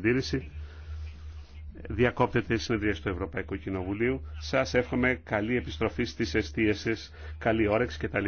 αντίρρηση. Διακόπτεται η συνεδρία του Ευρωπαϊκού Κοινοβουλίου. Σας εύχομαι καλή επιστροφή στις σας, καλή όρεξη κτλ.